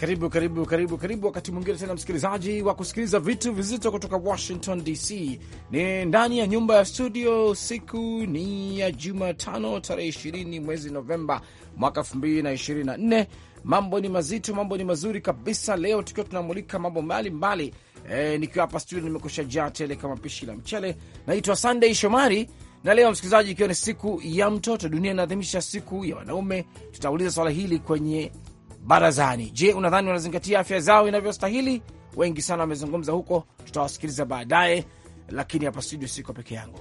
Karibu karibu karibu karibu, wakati mwingine tena msikilizaji wa kusikiliza vitu vizito kutoka Washington DC. Ni ndani ya nyumba ya studio, siku ni ya Jumatano tarehe ishirini mwezi Novemba mwaka elfu mbili na na ishirini nne. Mambo ni mazito, mambo ni mazuri kabisa. Leo tukiwa tunamulika mambo mbalimbali e, nikiwa hapa studio nimekusha jaa tele kama pishi la mchele. Naitwa Sandey Shomari na leo msikilizaji, ikiwa ni siku ya mtoto, dunia inaadhimisha siku ya wanaume, tutauliza swala hili kwenye barazani. Je, unadhani wanazingatia afya zao inavyostahili? Wengi sana wamezungumza huko, tutawasikiliza baadaye, lakini hapa studio siko peke yangu.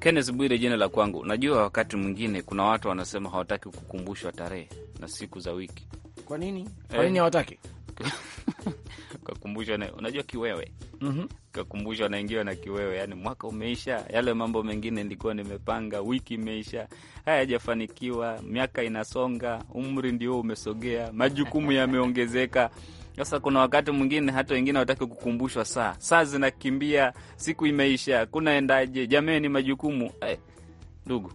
Kenneth Bwire jina la kwangu. Najua wakati mwingine kuna watu wanasema hawataki kukumbushwa tarehe na siku za wiki. Kwa nini? Kwa eh. nini hawataki kukumbushwa? Unajua kiwewe Mm-hmm. kakumbusha Kakumbushwa naingiwa na kiwewe, yani mwaka umeisha, yale mambo mengine nilikuwa nimepanga, wiki imeisha, yajafanikiwa, miaka inasonga, umri ndio umesogea, majukumu yameongezeka. Sasa kuna wakati mwingine hata wengine hawataki kukumbushwa, saa saa zinakimbia, siku imeisha, kunaendaje? Jameni, majukumu eh, ndugu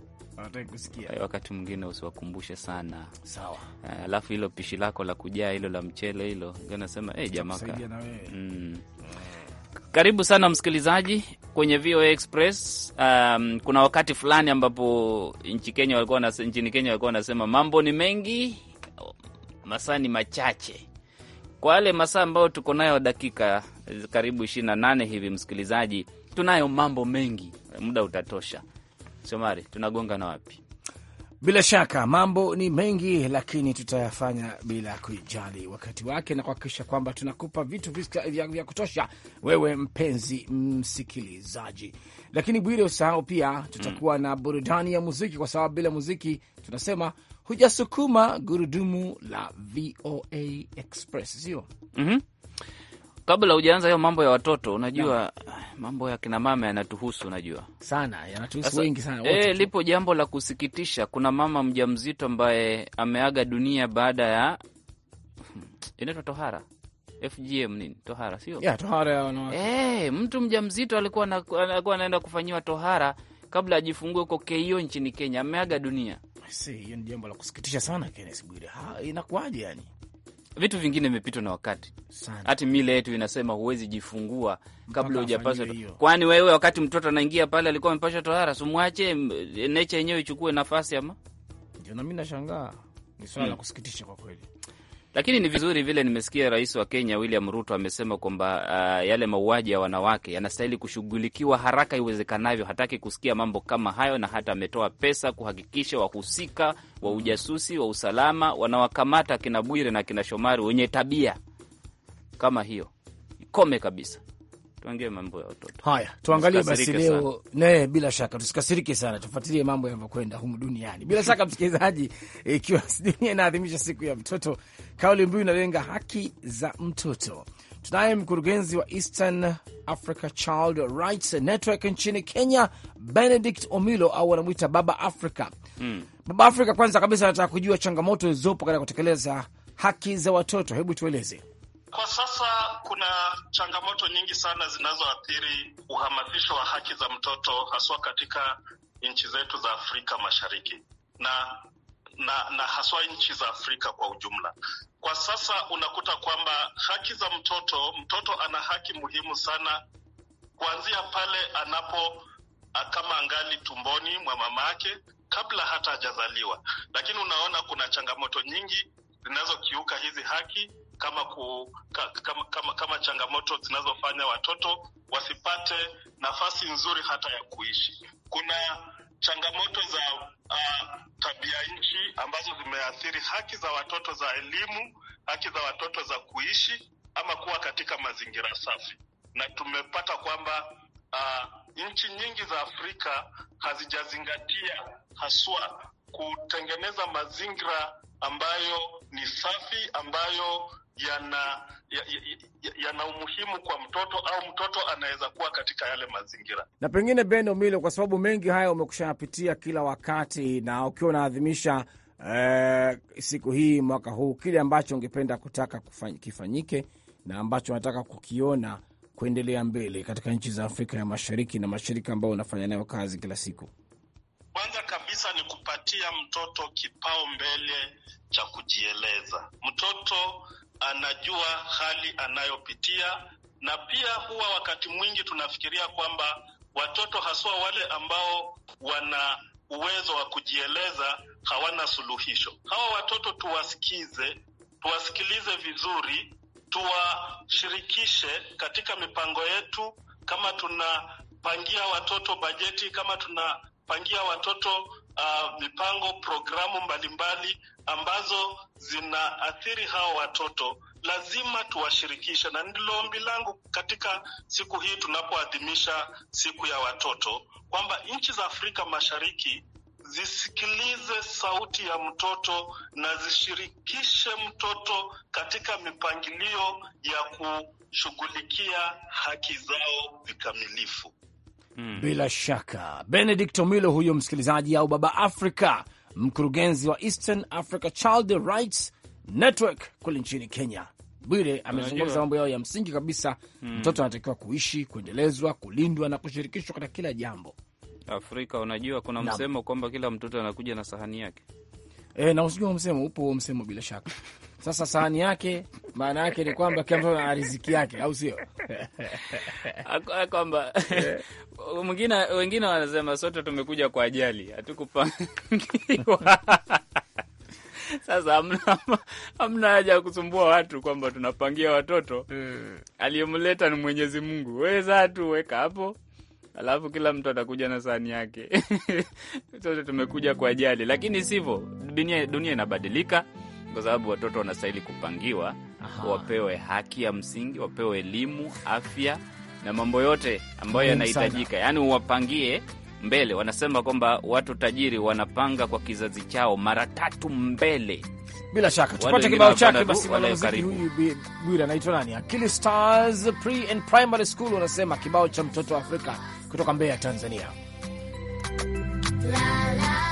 hey, wakati mwingine usiwakumbushe sana sawa. Eh, alafu uh, hilo pishi lako la kujaa hilo la mchele hilo, nasema hey, eh, jamaka mm. Karibu sana msikilizaji kwenye VOA Express. Um, kuna wakati fulani ambapo nchi Kenya walikuwa na, nchini Kenya walikuwa wanasema mambo ni mengi, masaa ni machache. Kwa yale masaa ambayo tuko nayo dakika karibu ishirini na nane hivi, msikilizaji, tunayo mambo mengi, muda utatosha. Shomari, tunagonga na wapi? Bila shaka mambo ni mengi, lakini tutayafanya bila kujali wakati wake na kuhakikisha kwamba tunakupa vitu vya kutosha wewe mpenzi msikilizaji. Lakini Bwire, usahau pia tutakuwa mm, na burudani ya muziki, kwa sababu bila muziki tunasema hujasukuma gurudumu la VOA Express, sio? mm -hmm kabla hujaanza hiyo mambo ya watoto, unajua no. mambo ya kina mama yanatuhusu, unajua sana, yanatuhusu wengi sana E, lipo jambo la kusikitisha. Kuna mama mjamzito ambaye ameaga dunia baada ya hmm, inaitwa tohara FGM nini, tohara sio? Yeah, tohara ya wanawake. E, mtu mjamzito alikuwa alikuwa anaenda kufanyiwa tohara kabla ajifungue huko KO nchini Kenya, ameaga dunia. Hiyo ni jambo la kusikitisha sana, Kennes Bwire. Inakuwaje yani? vitu vingine vimepitwa na wakati. Hati mila yetu inasema huwezi jifungua kabla hujapaswa, kwani wewe wakati mtoto anaingia pale alikuwa amepashwa tohara, sumwache necha yenyewe ichukue nafasi ama? Ndio, nami nashangaa, ni swala la hmm. kusikitisha kwa kweli. Lakini ni vizuri vile nimesikia rais wa Kenya William Ruto amesema kwamba uh, yale mauaji ya wanawake yanastahili kushughulikiwa haraka iwezekanavyo. Hataki kusikia mambo kama hayo, na hata ametoa pesa kuhakikisha wahusika wa ujasusi wa usalama wanawakamata kina Bwire na kina Shomari wenye tabia kama hiyo, ikome kabisa tuangalie mambo ya watoto. Haya, tuangalie basi leo ne, bila shaka tusikasirike sana, tufuatilie mambo yanavyokwenda humu duniani. Bila shaka msikilizaji, ikiwa dunia inaadhimisha siku ya mtoto, kauli mbiu inalenga haki za mtoto. Tunaye mkurugenzi wa Eastern Africa Child Rights Network nchini Kenya, Benedict Omilo au wanamwita Baba Africa. Mm. Baba Africa, kwanza kabisa anataka kujua changamoto zilizopo katika kutekeleza haki za watoto, hebu tueleze. Kwa sasa kuna changamoto nyingi sana zinazoathiri uhamasisho wa haki za mtoto haswa katika nchi zetu za Afrika Mashariki na na, na haswa nchi za Afrika kwa ujumla. Kwa sasa unakuta kwamba haki za mtoto, mtoto ana haki muhimu sana kuanzia pale anapo kama angali tumboni mwa mama yake kabla hata hajazaliwa, lakini unaona kuna changamoto nyingi zinazokiuka hizi haki kama, ku, ka, kama, kama, kama changamoto zinazofanya watoto wasipate nafasi nzuri hata ya kuishi. Kuna changamoto za uh, tabia nchi ambazo zimeathiri haki za watoto za elimu, haki za watoto za kuishi ama kuwa katika mazingira safi, na tumepata kwamba uh, nchi nyingi za Afrika hazijazingatia haswa kutengeneza mazingira ambayo ni safi, ambayo yana yana ya, ya umuhimu kwa mtoto au mtoto anaweza kuwa katika yale mazingira. Na pengine Beno Milo, kwa sababu mengi haya umekushayapitia kila wakati, na ukiwa unaadhimisha eh, siku hii mwaka huu, kile ambacho ungependa kutaka kifanyike na ambacho unataka kukiona kuendelea mbele katika nchi za Afrika ya Mashariki na mashirika ambayo unafanya nayo kazi kila siku, kwanza kabisa ni kupatia mtoto kipao mbele cha kujieleza mtoto anajua hali anayopitia, na pia huwa wakati mwingi tunafikiria kwamba watoto haswa wale ambao wana uwezo wa kujieleza hawana suluhisho. Hawa watoto tuwasikize, tuwasikilize vizuri, tuwashirikishe katika mipango yetu, kama tunapangia watoto bajeti, kama tunapangia watoto uh, mipango, programu mbalimbali ambazo zinaathiri hawa watoto lazima tuwashirikishe, na ndilo ombi langu katika siku hii tunapoadhimisha siku ya watoto, kwamba nchi za Afrika Mashariki zisikilize sauti ya mtoto na zishirikishe mtoto katika mipangilio ya kushughulikia haki zao vikamilifu mm. Bila shaka Benedict Omilo huyo msikilizaji, au Baba Africa, mkurugenzi wa Eastern Africa Child Rights Network kule nchini Kenya. Bwire amezungumza mambo yao ya msingi kabisa. Mm. Mtoto anatakiwa kuishi, kuendelezwa, kulindwa na kushirikishwa katika kila jambo. Afrika, unajua kuna msemo kwamba kila mtoto anakuja na sahani yake. E, na usijua msemo upo msemo bila shaka. Sasa sahani yake maana yake ni kwamba kila mtu ana riziki yake, au sio? Ah, kwamba mwingine, wengine wanasema sote tumekuja kwa ajali, hatukupangiwa Sasa hamna haja ya kusumbua watu kwamba tunapangia watoto mm. Aliyemleta ni Mwenyezi Mungu, weza tu weka hapo, alafu kila mtu atakuja na sahani yake sote tumekuja kwa ajali, lakini sivyo, dunia, dunia inabadilika kwa sababu watoto wanastahili kupangiwa. Aha. Wapewe haki ya msingi, wapewe elimu, afya na mambo yote ambayo yanahitajika, yaani uwapangie mbele. Wanasema kwamba watu tajiri wanapanga kwa kizazi chao mara tatu mbele. Bila shaka tupate kibao chake basi. Mwanamuziki huyu anaitwa nani? Akili Stars Pre and Primary School wanasema kibao cha mtoto wa Afrika kutoka Mbeya, Tanzania. la, la.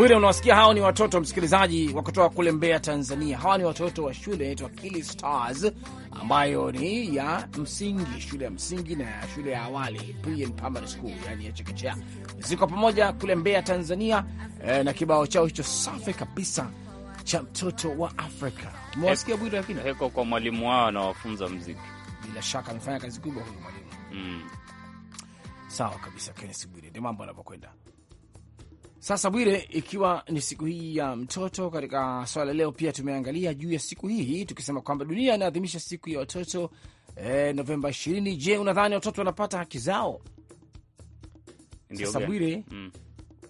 Bwire, unawasikia hao ni watoto msikilizaji wa kutoka kule Mbeya, Tanzania. Hawa ni watoto wa shule inaitwa Kili Stars ambayo ni ya msingi, shule ya msingi na shule ya awali pre and primary school, yani ya chekechea, ziko pamoja kule Mbeya, Tanzania eh, na kibao chao hicho safi kabisa cha mtoto wa Afrika. Umewasikia Bwire? Lakini heko kwa mwalimu wao anawafunza mziki, bila shaka amefanya kazi kubwa huyu mwalimu. Mm, sawa kabisa, Kenesi Bwire, ndio mambo anavyokwenda. Sasa Bwire, ikiwa ni siku hii ya mtoto, katika swala leo pia tumeangalia juu ya siku hii tukisema kwamba dunia inaadhimisha siku ya watoto eh, Novemba ishirini. Je, unadhani watoto wanapata haki zao? Sasa Bwire, mm.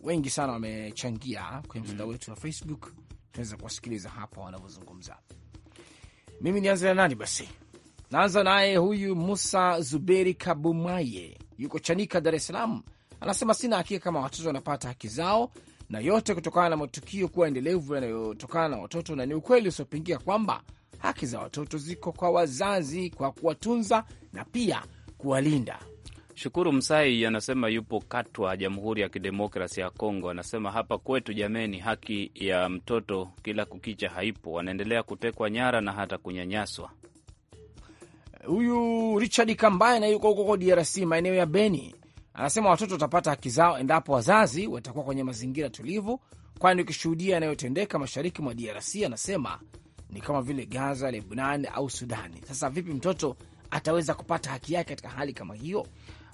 wengi sana wamechangia kwenye mtandao mm. wetu wa Facebook, tunaweza kuwasikiliza hapa wanavyozungumza. Mimi nianze na nani basi? Naanza naye huyu Musa Zuberi Kabumaye, yuko Chanika, Dar es Salaam. Anasema sina hakika kama watoto wanapata haki zao, na yote kutokana na matukio kuwa endelevu yanayotokana na watoto, na ni ukweli usiopingia kwamba haki za watoto ziko kwa wazazi kwa kuwatunza na pia kuwalinda. Shukuru Msai anasema yupo Katwa, Jamhuri ya Kidemokrasi ya Kongo. Anasema hapa kwetu, jameni, haki ya mtoto kila kukicha haipo, wanaendelea kutekwa nyara na hata kunyanyaswa. Huyu Richard Kambaye na yuko huko DRC, maeneo ya Beni, Anasema watoto watapata haki zao endapo wazazi watakuwa kwenye mazingira tulivu, kwani ukishuhudia yanayotendeka mashariki mwa DRC, anasema ni kama vile Gaza, Lebanon au Sudani. Sasa vipi mtoto ataweza kupata haki yake katika hali kama hiyo?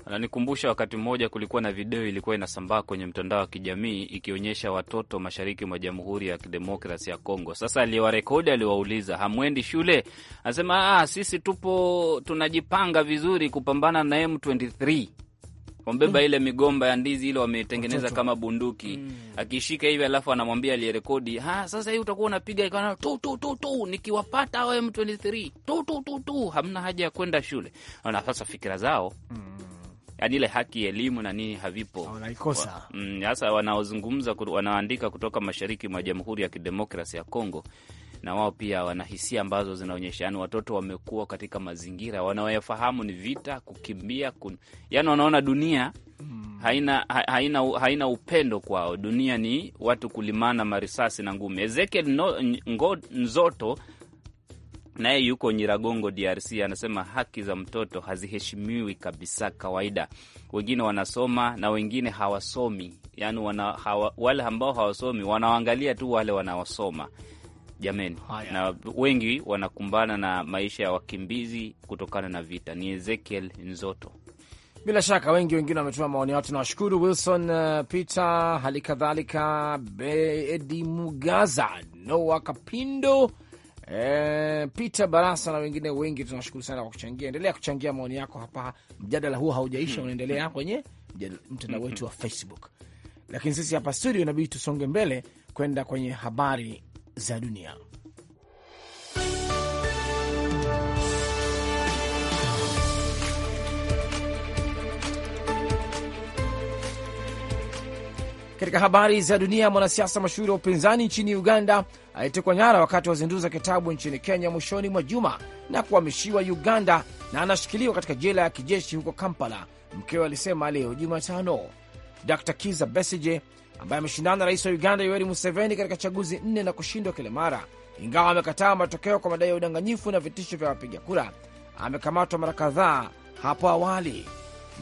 Ananikumbusha wakati mmoja kulikuwa na video ilikuwa inasambaa kwenye mtandao wa kijamii ikionyesha watoto mashariki mwa Jamhuri ya Kidemokrasi ya Kongo. Sasa aliyewarekodi aliwauliza, hamwendi shule? Anasema ah, sisi tupo tunajipanga vizuri kupambana na M23 wamebeba mm. ile migomba ya ndizi ile wametengeneza kama bunduki mm. akishika hivi, alafu anamwambia aliyerekodi, ha, sasa hii utakuwa unapiga ikana tu tu tu tu, nikiwapata hao M23 tu tu tu tu, hamna haja ya kwenda shule. Na sasa fikira zao mm. yaani ile haki elimu na nini havipo, wanaikosa wa, mm, wanaozungumza wanaandika kutoka mashariki mwa Jamhuri ya Kidemokrasi ya Kongo na wao pia wana hisia ambazo zinaonyesha, yani watoto wamekuwa katika mazingira wanaoyafahamu ni vita, kukimbia kun... yani wanaona dunia hmm. haina, haina, haina upendo kwao. Dunia ni watu kulimana marisasi na ngumi. Ezekiel no, Nzoto naye yuko Nyiragongo, DRC, anasema haki za mtoto haziheshimiwi kabisa. Kawaida wengine wanasoma na wengine hawasomi, yani wana, hawa, wale ambao hawasomi wanaangalia tu wale wanaosoma jameni. Haya. Na wengi wanakumbana na maisha ya wakimbizi kutokana na vita. Ni Ezekiel Nzoto. Bila shaka wengi wengine wametuma maoni yao, tunawashukuru Wilson uh, Peter, hali kadhalika Bedi Mugaza, Noa Kapindo, e, Peter Barasa na wengine wengi, tunawashukuru sana kwa kuchangia. Endelea kuchangia maoni yako hapa, mjadala huu haujaisha, unaendelea kwenye mtandao wetu wa Facebook, lakini sisi hapa studio inabidi tusonge mbele kwenda kwenye habari za dunia. Katika habari za dunia, mwanasiasa mashuhuri wa upinzani nchini Uganda alitekwa nyara wakati wa uzinduzi kitabu nchini Kenya mwishoni mwa juma na kuhamishiwa Uganda na anashikiliwa katika jela ya kijeshi huko Kampala, mkewe alisema leo Jumatano. Dr Kiza Besige ambaye ameshindana na rais wa Uganda Yoweri Museveni katika chaguzi nne na kushindwa kila mara, ingawa amekataa matokeo kwa madai ya udanganyifu na vitisho vya wapiga kura. Amekamatwa mara kadhaa hapo awali.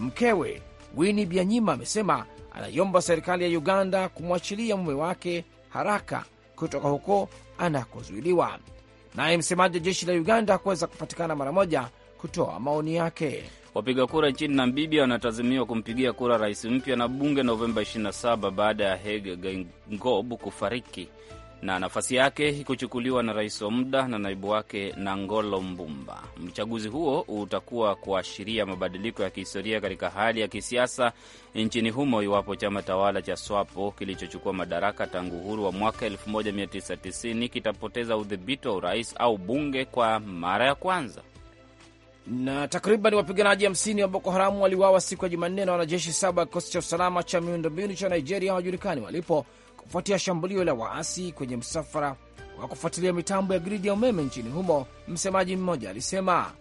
Mkewe Winnie Byanyima amesema anaiomba serikali ya Uganda kumwachilia mume wake haraka kutoka huko anakozuiliwa. Naye msemaji wa jeshi la Uganda kuweza kupatikana mara moja kutoa maoni yake. Wapiga kura nchini Namibia wanatazamiwa kumpigia kura rais mpya na bunge Novemba 27 baada ya Hage Geingob kufariki na nafasi yake kuchukuliwa na rais wa muda na naibu wake Nangolo Mbumba. Mchaguzi huo utakuwa kuashiria mabadiliko ya kihistoria katika hali ya kisiasa nchini humo iwapo chama tawala cha SWAPO kilichochukua madaraka tangu uhuru wa mwaka 1990 kitapoteza udhibiti wa urais au bunge kwa mara ya kwanza. Na takriban wapiganaji hamsini wa Boko Haramu waliwawa siku ya Jumanne na wanajeshi saba wa kikosi cha usalama cha miundombinu cha Nigeria hawajulikani walipo kufuatia shambulio la waasi kwenye msafara wa kufuatilia mitambo ya gridi ya umeme nchini humo. Msemaji mmoja alisema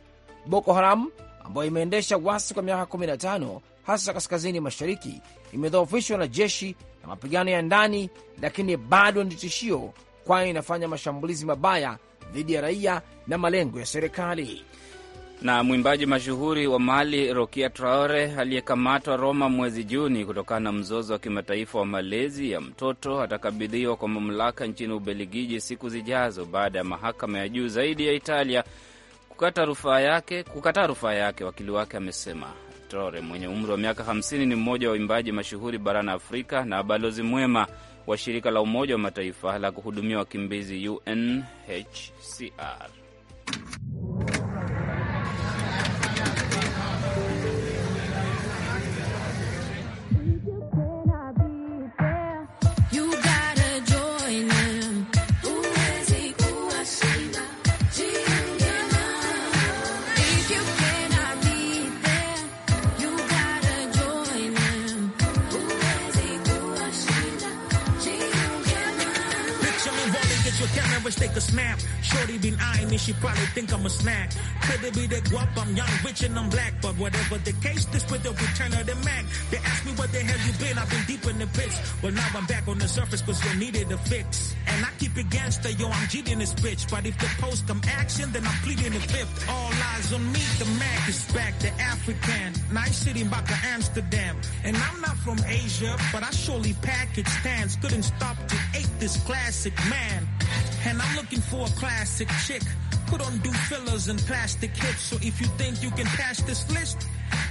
Boko Haram ambayo imeendesha wasi kwa miaka 15 hasa kaskazini mashariki imedhoofishwa na jeshi na mapigano ya ndani, lakini bado ni tishio, kwani inafanya mashambulizi mabaya dhidi ya raia na malengo ya serikali. Na mwimbaji mashuhuri wa Mali Rokia Traore aliyekamatwa Roma mwezi Juni kutokana na mzozo wa kimataifa wa malezi ya mtoto atakabidhiwa kwa mamlaka nchini Ubelgiji siku zijazo baada ya mahakama ya juu zaidi ya Italia kukataa rufaa yake, kukata rufaa yake, wakili wake amesema. Traore mwenye umri wa miaka 50 ni mmoja wa waimbaji mashuhuri barani Afrika na balozi mwema wa shirika la Umoja wa Mataifa la kuhudumia wakimbizi UNHCR. take a snap. Shorty been eyeing me, she probably think I'm a snack. Could it be that guap? I'm young, rich, and I'm black. But whatever the case, this with the return of the Mac. They ask me what the hell you been, I've been deep in the pits. Well, now I'm back on the surface, cause you needed a fix. And I keep it gangster, yo, I'm cheating this bitch. But if the post come action, then I'm pleading the fifth. All eyes on me, the Mac is back, the African. Nice sitting back to Amsterdam. And I'm not from Asia, but I surely package stands. Couldn't stop to ate this classic man. And I'm looking for a classic chick. Put on do fillers and plastic hips. So if you think you can pass this list,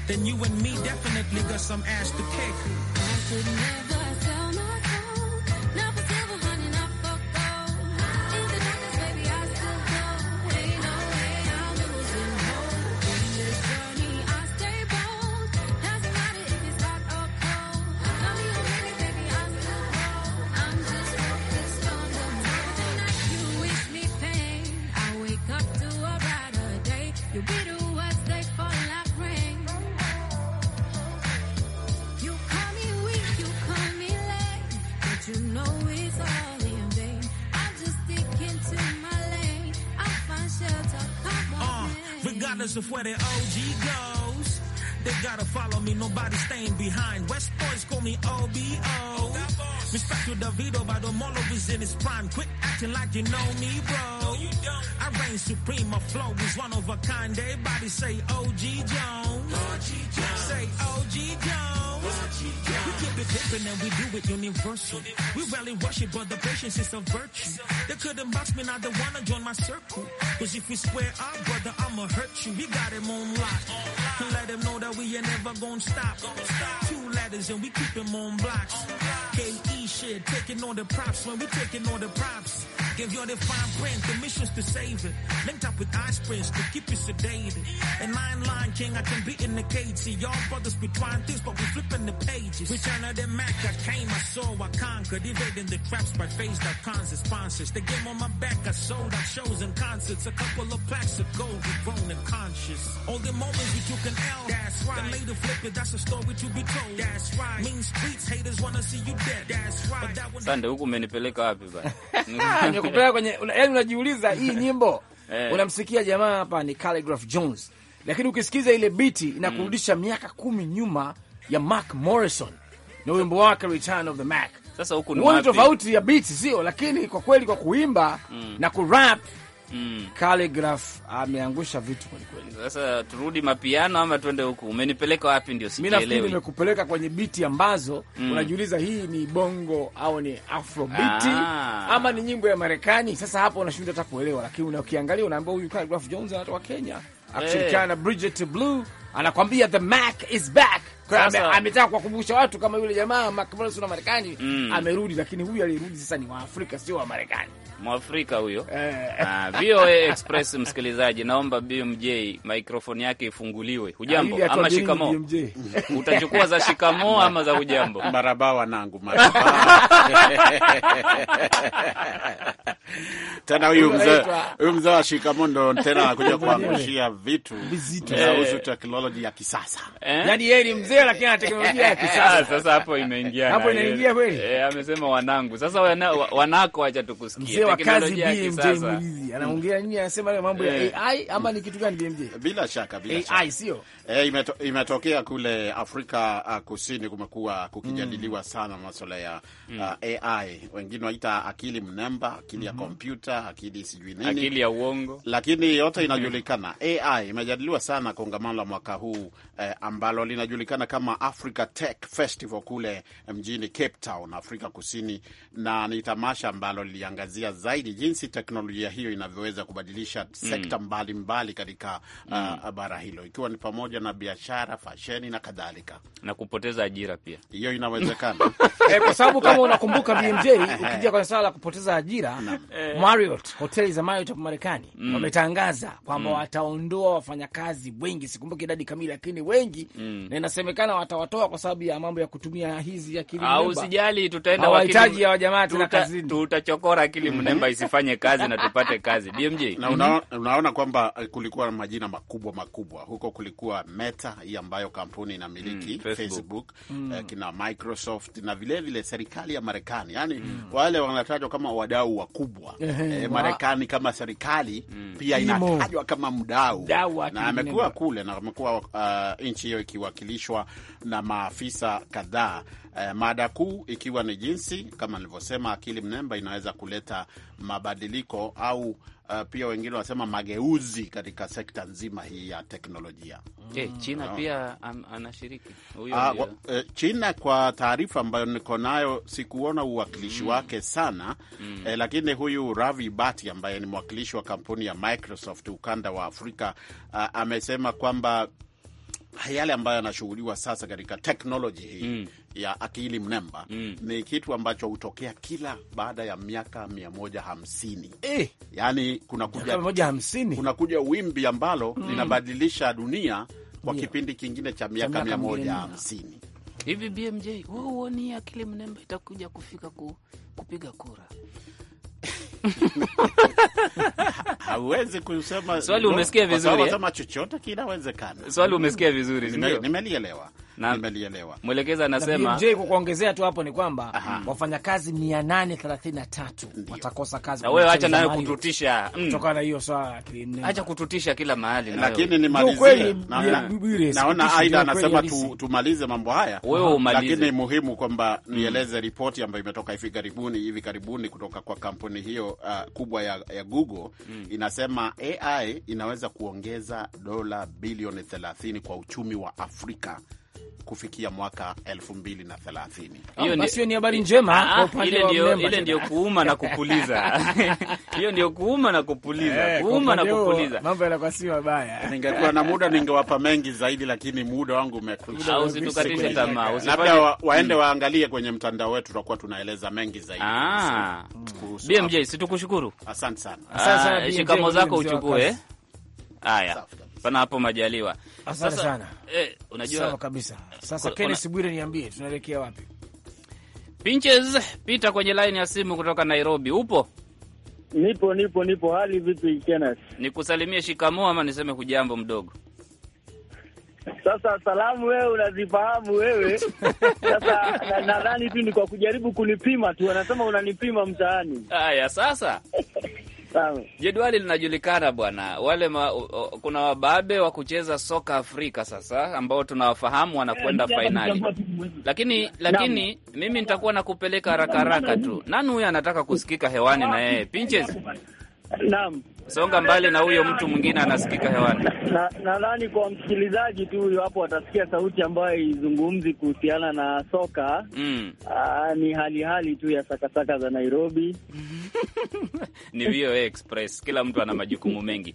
then you and me definitely got some ass to kick. regardless of where the OG goes. They gotta follow me, nobody staying behind. West boys call me OBO. Respect to Davido, but I'm always in his prime. Quit acting like you know me, bro. I reign supreme, my flow is one of a kind. Everybody say OG Jones. Say OG Jones. We keep it different and we do it universal. We rally worship, but the patience is a virtue. They couldn't box me, not the wanna join my circle. Cause if we square up, brother, I'ma hurt you. We got him on lock. Let him know that we ain't never gonna stop. Two letters and we keep him on blocks. KE shit, taking all the props when we taking all the props. Give your defined print, the mission's to save it. Linked up with ice springs to keep you sedated. And Lion Lion King, I can be in the cage. See, y'all brothers be trying things, but we flipping the pages. Return of the Mac, I came, I saw, I conquered. Evading the traps by face, cons and sponsors. The game on my back, I sold, out shows and concerts. A couple of packs of gold, we grown and conscious. All the moments we took an L, that's right. That made a flip that's a story to be told. That's right. Mean streets, haters wanna see you dead. That's right. But that one... Sande huku umenipeleka wapi kupeleka kwenye, yani unajiuliza hii nyimbo eh. unamsikia jamaa hapa ni Calligraph Jones, lakini ukisikiza ile biti inakurudisha mm. miaka kumi nyuma ya Mark Morrison na wimbo wake Return of the Mac. Sasa huko ni tofauti ya biti, sio lakini kwa kweli kwa kuimba mm. na kurap mm. Calligraph ameangusha vitu kwelikweli. Sasa turudi mapiano ama tuende huku, umenipeleka wapi? Ndio sielewi. Nimekupeleka kwenye biti ambazo mm. unajiuliza hii ni bongo au ni afrobiti ah. ama ni nyimbo ya Marekani. Sasa hapo unashindwa hata kuelewa, lakini ukiangalia unaambia huyu Calligraph Jones anatoka Kenya eh. akishirikiana hey. na Bridget Blue anakwambia the Mac is back ametaka kuwakumbusha watu kama yule jamaa Macmillan wa Marekani mm. amerudi, lakini huyu aliyerudi sasa ni Waafrika sio wa Marekani, Mwafrika huyo eh. Ah, VOA Express msikilizaji, naomba BMJ mikrofoni yake ifunguliwe. Hujambo ha, ama shikamo? Utachukua za shikamo ama za hujambo? Maraba wanangu, maraba tena huyu mzee mzee wa shikamo ndo tena anakuja kuangushia vitu vinahusu eh. teknolojia ya kisasa eh? Yani yeye ni mzee mwenyewe, lakini ana teknolojia ya kisasa. Ah, sasa hapo imeingia hapo inaingia kweli eh, amesema wanangu. Sasa wana, wanako acha tukusikie teknolojia ya kisasa. Anaongea nini? Anasema ile mambo ya eh. AI ama ni kitu gani? BMJ, bila shaka bila shaka AI sio eh, imeto, imetokea kule Afrika uh, Kusini, kumekuwa kukijadiliwa mm. sana masuala ya uh, mm. AI, ah, wengine waita akili mnemba, akili ya mm-hmm. kompyuta mm akili sijui nini, akili ya uongo, lakini yote mm-hmm. inajulikana mm. AI imejadiliwa sana kongamano la mwaka huu eh, ambalo linajulikana inajulikana kama Africa Tech Festival kule mjini Cape Town, Afrika Kusini, na ni tamasha ambalo liliangazia zaidi jinsi teknolojia hiyo inavyoweza kubadilisha mm. sekta mbalimbali mbali katika mm. uh, bara hilo, ikiwa ni pamoja na biashara, fasheni na kadhalika, na kupoteza ajira pia. Hiyo inawezekana eh, kwa sababu kama unakumbuka BMJ, eh. ukija kwenye swala la kupoteza ajira eh, Marriott, hoteli za Marriott hapa Marekani mm. wametangaza kwamba mm. wataondoa wafanyakazi wengi, sikumbuki idadi kamili, lakini wengi mm. na inasema inasemekana watawatoa kwa sababu ya mambo ya kutumia hizi akili mnemba. Ah, usijali, tutaenda wahitaji ya wajamaa tena kazini, tutachokora akili mhm. mnemba isifanye kazi na tupate kazi BMJ. Na mhm. unaona, unaona kwamba eh, kulikuwa na majina makubwa makubwa huko, kulikuwa Meta hii ambayo kampuni inamiliki mm, Facebook, Facebook mm. Eh, kina Microsoft na vile vile serikali ya Marekani yani mm. wale wanatajwa kama wadau wakubwa eh, Marekani kama serikali mm. pia inatajwa kama mdau na amekuwa kule na amekuwa uh, nchi hiyo ikiwakilishwa na maafisa kadhaa. E, mada kuu ikiwa ni jinsi, kama nilivyosema, akili mnemba inaweza kuleta mabadiliko au Uh, pia wengine wanasema mageuzi katika sekta nzima hii ya teknolojia. Je, mm, China no. pia an, anashiriki uh, uh, China kwa taarifa ambayo niko nayo sikuona uwakilishi mm. wake sana mm. eh, lakini huyu Ravi Bati ambaye ni mwakilishi wa kampuni ya Microsoft ukanda wa Afrika uh, amesema kwamba yale ambayo yanashughuliwa sasa katika teknoloji hii mm. ya akili mnemba mm. ni kitu ambacho hutokea kila baada ya miaka mia moja hamsini eh. Yani kunakuja kuja wimbi ambalo mm. linabadilisha dunia kwa yeah. kipindi kingine cha miaka mia moja hamsini hivi. BMJ wewe huoni akili mnemba itakuja kufika ku, kupiga kura? hauwezi kusema. Swali umesikia vizuri, kama eh? chochote kinawezekana. Swali umesikia vizuri, nimelielewa. Nimelielewa. Mwelekezi anasema kwa kuongezea tu hapo ni kwamba wafanyakazi 833 watakosa kazi. Na wewe acha nayo kututisha mm. kutokana na hiyo swala, acha kututisha kila mahali, lakini nimalizie. Naona Aida anasema tumalize mambo haya, lakini muhimu kwamba mm. nieleze ripoti ambayo imetoka hivi karibuni hivi karibuni kutoka kwa kampuni hiyo uh, kubwa ya Google, mm. inasema AI inaweza kuongeza dola bilioni 30 kwa uchumi wa Afrika kufikia mwaka elfu mbili na 2030. Ah, ni habari njema. Ah, ile ndio kuuma na kupuliza, hiyo ndio kuuma na kupuliza, eh, kuuma na kupuliza. Mambo yanakuwa si mabaya. Ningekuwa na muda ningewapa mengi zaidi, lakini muda wangu umekwisha. Usitukatishe tamaa, labda hmm. waende waangalie kwenye mtandao wetu, tutakuwa tunaeleza mengi zaidi. Ah. BMJ, situkushukuru. Asante sana, shikamo zako uchukue haya panapo majaliwa. Asante sana. Eh, unajua sawa kabisa. Sasa Kenneth Bwire, niambie tunaelekea wapi? Pinches, pita kwenye line ya simu kutoka Nairobi. Upo? Nipo, nipo, nipo. Hali vipi Kenneth? Nikusalimie shikamoo ama niseme hujambo mdogo? Sasa salamu wewe unazifahamu wewe. Sasa nadhani na tu ni kwa kujaribu kunipima tu, anasema unanipima mtaani. Haya sasa Jedwali linajulikana bwana, wale ma, kuna wababe wa kucheza soka Afrika sasa ambao tunawafahamu wanakwenda fainali, lakini lakini mimi nitakuwa nakupeleka haraka haraka tu. Nani huyo anataka kusikika hewani na yeye pinches? Naam, songa mbali na huyo mtu mwingine anasikika hewani. Nadhani na, kwa msikilizaji tu huyo hapo atasikia sauti ambayo izungumzi kuhusiana na soka mm. Aa, ah, ni hali hali tu ya sakasaka za Nairobi ni VOA Express, kila mtu ana majukumu mengi.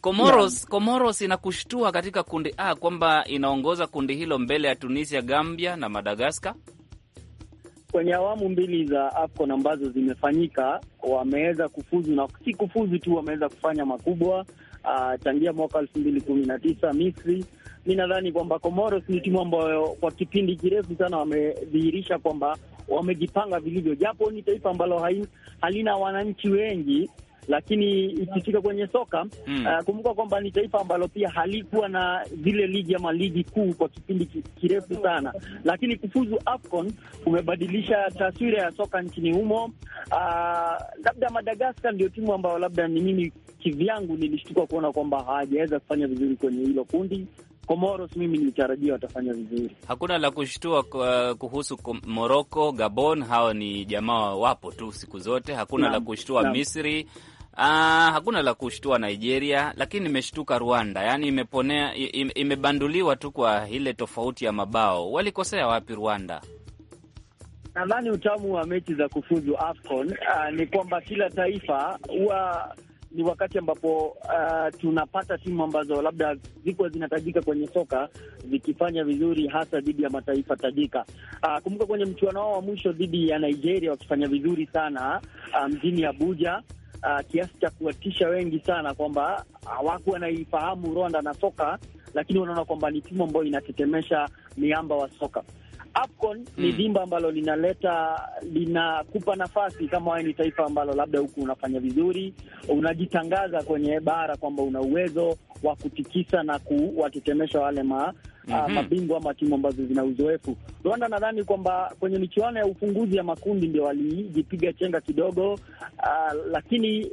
Comoros, Comoros inakushtua katika kundi A kwamba inaongoza kundi hilo mbele ya Tunisia, Gambia na Madagaskar kwenye awamu mbili za AFCON ambazo zimefanyika, wameweza kufuzu na si kufuzu tu, wameweza kufanya makubwa. Uh, tangia mwaka elfu mbili kumi na tisa Misri. Mi nadhani kwamba Comoros ni timu ambayo kwa kipindi kirefu sana wamedhihirisha kwamba wamejipanga vilivyo, japo ni taifa ambalo halina wananchi wengi lakini ikifika kwenye soka mm. Uh, kumbuka kwamba ni taifa ambalo pia halikuwa na zile ligi ama ligi kuu kwa kipindi kirefu sana, lakini kufuzu AFCON kumebadilisha taswira ya soka nchini humo. Uh, labda Madagaskar ndio timu ambayo labda ni mimi kivyangu nilishtuka kuona kwamba hawajaweza kufanya vizuri kwenye hilo kundi. Comoros mimi nilitarajia watafanya vizuri. Hakuna la kushtua uh, kuhusu Moroko, Gabon, hao ni jamaa wapo tu siku zote. Hakuna na, la kushtua Misri Aa, ah, hakuna la kushtua Nigeria, lakini imeshtuka Rwanda. Yaani imeponea imebanduliwa tu kwa ile tofauti ya mabao. Walikosea wapi Rwanda? Nadhani utamu wa mechi za kufuzu AFCON ah, ni kwamba kila taifa huwa ni wakati ambapo uh, tunapata timu ambazo labda zilikuwa zinatajika kwenye soka zikifanya vizuri hasa dhidi ya mataifa tajika. Uh, kumbuka kwenye mchuano wao wa mwisho dhidi ya Nigeria wakifanya vizuri sana mjini um, Abuja uh, kiasi cha kuwatisha wengi sana kwamba uh, wanaifahamu Rwanda na soka, lakini wanaona kwamba ni timu ambayo inatetemesha miamba wa soka. AFCON mm. ni dimba hmm. ambalo linaleta linakupa nafasi kama wewe ni taifa ambalo labda huku unafanya vizuri, unajitangaza kwenye bara kwamba una uwezo wa kutikisa na kuwatetemesha wale ma mm -hmm. mabingwa ama timu ambazo zina uzoefu. Rwanda nadhani kwamba kwenye michuano ya ufunguzi ya makundi ndio walijipiga chenga kidogo, uh, lakini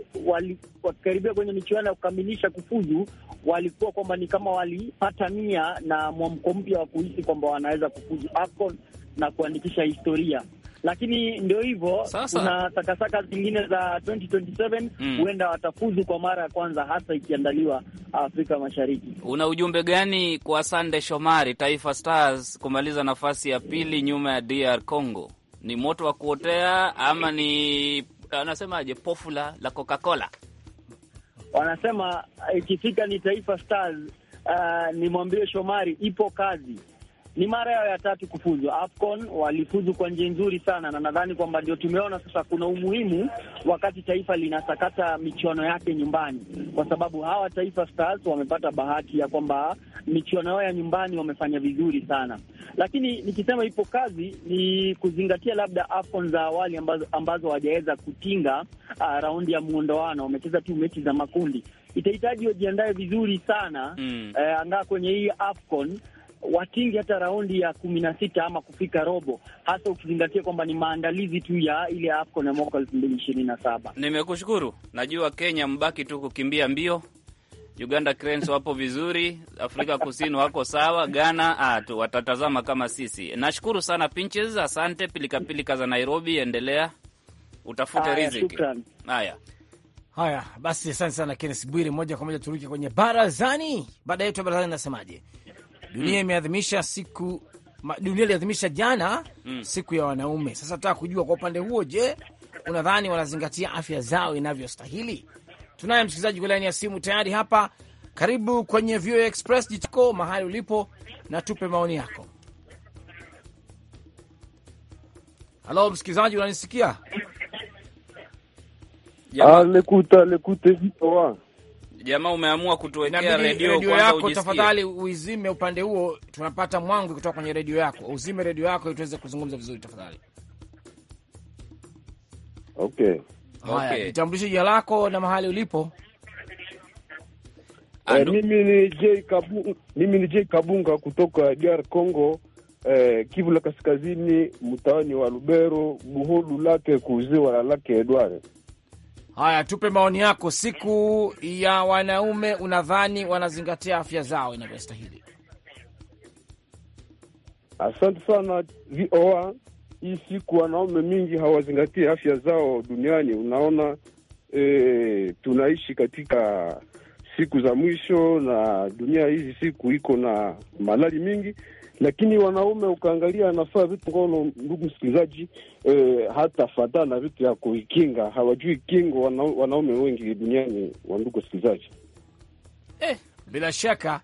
wakikaribia kwenye michuano ya kukamilisha kufuzu, walikuwa kwamba ni kama walipata nia na mwamko mpya wa kuhisi kwamba wanaweza kufuzu AFCON na kuandikisha historia lakini ndio hivyo, kuna sakasaka zingine za 2027 hmm. huenda mm, watafuzu kwa mara ya kwanza, hasa ikiandaliwa Afrika Mashariki. Una ujumbe gani kwa Sande Shomari, Taifa Stars kumaliza nafasi ya pili nyuma ya DR Congo? Ni moto wa kuotea ama ni anasemaje, pofula la Coca-Cola? Wanasema ikifika ni Taifa Stars, uh, nimwambie Shomari ipo kazi ni mara yao ya tatu kufuzu AFCON. Walifuzu kwa njia nzuri sana, na nadhani kwamba ndio tumeona sasa kuna umuhimu wakati taifa linasakata michuano yake nyumbani, kwa sababu hawa Taifa Stars wamepata bahati ya kwamba michuano yao ya nyumbani wamefanya vizuri sana, lakini nikisema ipo kazi ni kuzingatia labda AFCON za awali ambazo, ambazo wajaweza kutinga uh, raundi ya muondoano, wamecheza tu mechi za makundi itahitaji wajiandae vizuri sana mm. Eh, angaa kwenye hii AFCON watingi hata raundi ya kumi na sita ama kufika robo, hasa ukizingatia kwamba ni maandalizi tu ya ile AFCON ya mwaka elfu mbili ishirini na saba. Nimekushukuru. Najua Kenya mbaki tu kukimbia mbio. Uganda Cranes wapo vizuri, Afrika Kusini wako sawa, Ghana ah, tu watatazama kama sisi. Nashukuru sana Pinches, asante. Pilikapilika za Nairobi, endelea utafute riziki. Haya, haya basi, asante sana Kennes Bwiri. Moja kwa moja turuke kwenye barazani. Baada yetu ya barazani, nasemaje? dunia mm. imeadhimisha siku dunia iliadhimisha jana mm. siku ya wanaume. Sasa nataka kujua kwa upande huo, je, unadhani wanazingatia afya zao inavyostahili? Tunaye msikilizaji kwa laini ya simu tayari hapa. Karibu kwenye VOA Express, jitoko mahali ulipo na tupe maoni yako. Halo msikilizaji, unanisikia? lekute ah, Jamaa umeamua kutuwekea redio yako, tafadhali uizime upande huo, tunapata mwangu kutoka kwenye redio yako. Uzime redio yako ili tuweze kuzungumza vizuri tafadhali. Okay, haya okay. Itambulishe jina lako na mahali ulipo. Eh, mimi ni J Kabunga, mimi ni J Kabunga kutoka DR Congo, eh, Kivu la Kaskazini, mtaani wa Lubero, Buholu lake kuuziwa la lake Edward Haya, tupe maoni yako. Siku ya wanaume, unadhani wanazingatia afya zao inavyostahili? Asante sana VOA. Hii siku wanaume mingi hawazingatii afya zao duniani. Unaona e, tunaishi katika siku za mwisho na dunia hizi siku iko na malali mingi lakini wanaume ukaangalia anafaa vitu ngono, ndugu msikilizaji, e, hata fadhaa na vitu ya kuikinga hawajui kingo wana, wanaume wengi duniani wa ndugu msikilizaji, eh, bila shaka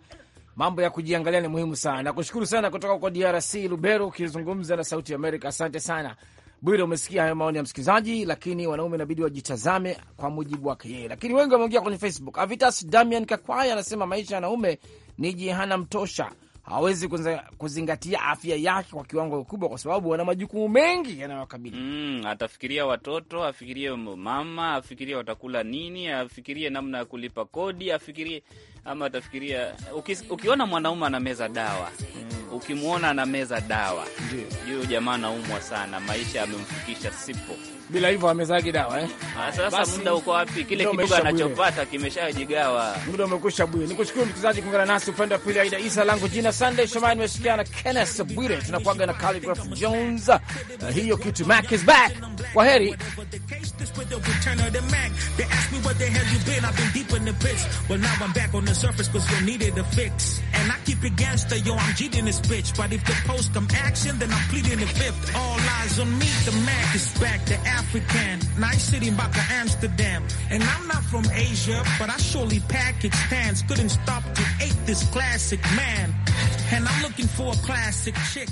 mambo ya kujiangalia ni muhimu sana. Nakushukuru sana kutoka kwa DRC Lubero, ukizungumza na Sauti ya Amerika. Asante sana Bwire, umesikia hayo maoni ya msikilizaji, lakini wanaume inabidi wajitazame kwa mujibu wake yeye, lakini wengi wameongea kwenye Facebook. Avitas Damian Kakwaya anasema maisha ya wanaume ni jehanamu tosha hawezi kuzingatia afya yake kwa kiwango kikubwa, kwa sababu wana majukumu mengi yanayokabili. Mm, atafikiria watoto, afikirie mama, afikirie watakula nini, afikirie namna ya kulipa kodi, afikirie ama atafikiria. ukiona mwanaume anameza dawa mm, ukimwona anameza dawa, huyo jamaa anaumwa sana, maisha yamemfikisha sipo bila hivyo amezagi dawa eh. Ah, sasa muda uko wapi? Kile kidogo anachopata kimeshajigawa, muda umekwisha. Bwire, nikushukuru msikilizaji kuungana nasi upande wa pili. Aida Isa langu jina Sunday Shomani, umeshirikiana na Kenneth Bwire, tunakuaga na Calligraph Jones. Uh, hiyo kitu Mac is back. Kwa heri. African, nice city the Amsterdam. And I'm not from Asia, but I surely Pakistan's couldn't stop to ate this classic man. And I'm looking for a classic chick.